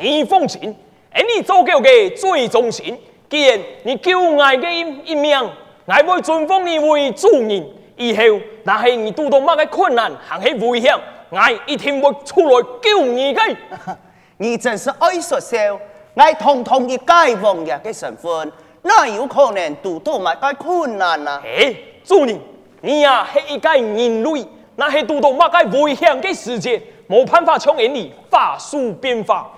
你放心、欸、你做夠的最終要。既然你救我的一命，我會尊奉你為主人。以後，那些你遇到乜嘅困難，還是危險，我一定會出來救你的。 你真是愛說笑，我堂堂一介王爺的身份，哪有可能遇到乜嘅困難誒、啊，主人，你呀是一個人類，那些遇到乜嘅危險的事情，沒辦法從你法術變化。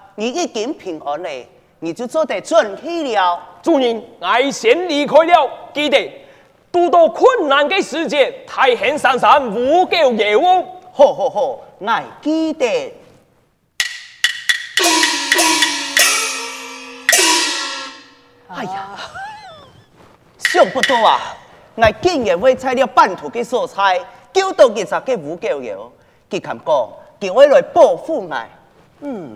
你一點平安嘞，你就做得准起了。主人，我先離開了，記得，遇到困難嘅時節，大喊三聲“烏狗爺”哦！吼吼吼，我記得。啊、哎呀、啊，想不到啊，我竟然買菜了半途嘅蔬菜，搞到幾十個烏狗爺，佢咁講，佢會來報復咪？嗯。